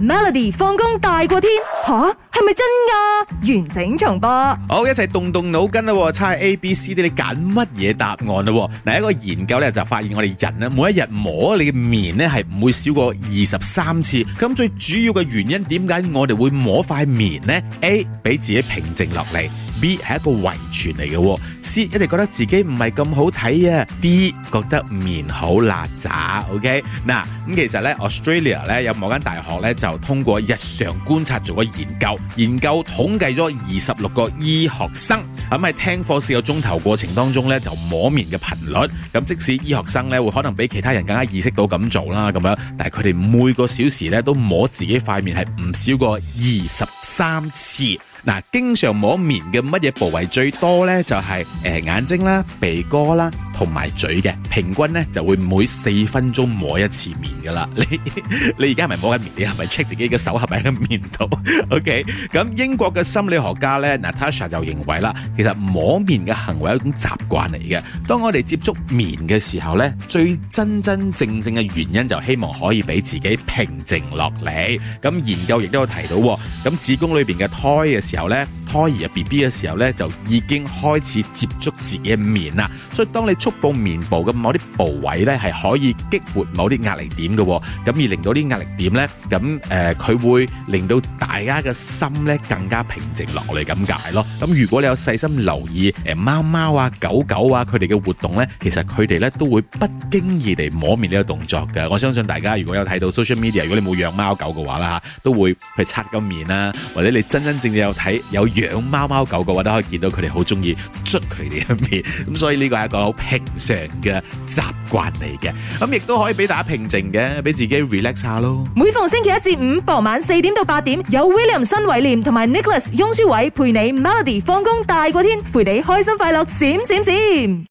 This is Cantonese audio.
Melody 放工大過天，吓？，係咪真噶？完整重播，好一齊動動腦筋啦，猜 A、B、C D 你揀乜嘢答案啦？嗱，一個研究咧就發現我哋人咧每一日摸你嘅面咧係唔會少過二十三次。咁最主要嘅原因點解我哋會摸塊面呢？A，俾自己平靜落嚟，B 係一個遺傳嚟嘅，C 一定覺得自己唔係咁好睇啊，D 覺得面好邋遢。OK，嗱咁其實咧 Australia 咧有某間大學咧就。就通過日常觀察做個研究，研究統計咗二十六個醫學生，咁喺聽課四個鐘頭過程當中呢，就摸面嘅頻率。咁即使醫學生呢，會可能比其他人更加意識到咁做啦，咁樣，但係佢哋每個小時呢都摸自己塊面係唔少過二十三次。嗱，經常摸面嘅乜嘢部位最多呢？就係誒眼睛啦、鼻哥啦。同埋嘴嘅平均呢，就會每四分鐘摸一次面噶啦。你你而家係咪摸緊面？你係咪 check 自己嘅手合喺個面度？OK。咁英國嘅心理學家呢，Natasha 就認為啦，其實摸面嘅行為係一種習慣嚟嘅。當我哋接觸面嘅時候呢，最真真正正嘅原因就希望可以俾自己平靜落嚟。咁研究亦都有提到，咁子宮裏邊嘅胎嘅時候呢，胎兒 B B 嘅時候呢，就已經開始接觸自己嘅面啦。所以當你觸碰面部嘅某啲部位咧，係可以激活某啲壓力點嘅，咁而令到啲壓力點咧，咁誒，佢會令到大家嘅心咧更加平靜落嚟咁解咯。咁如果你有細心留意，誒，貓貓啊、狗狗啊，佢哋嘅活動咧，其實佢哋咧都會不經意地摸面呢個動作嘅。我相信大家如果有睇到 social media，如果你冇養貓狗嘅話啦吓，都會去擦個面啦，或者你真真正正有睇有養貓貓狗嘅話，都可以見到佢哋好中意捽佢哋嘅面。咁所以呢個係一個好平。平常嘅習慣嚟嘅，咁亦都可以俾大家平靜嘅，俾自己 relax 下咯。每逢星期一至五傍晚四點到八點，有 William 新偉廉同埋 Nicholas 雍書偉陪你 Melody 放工大過天，陪你開心快樂閃閃閃。閃閃閃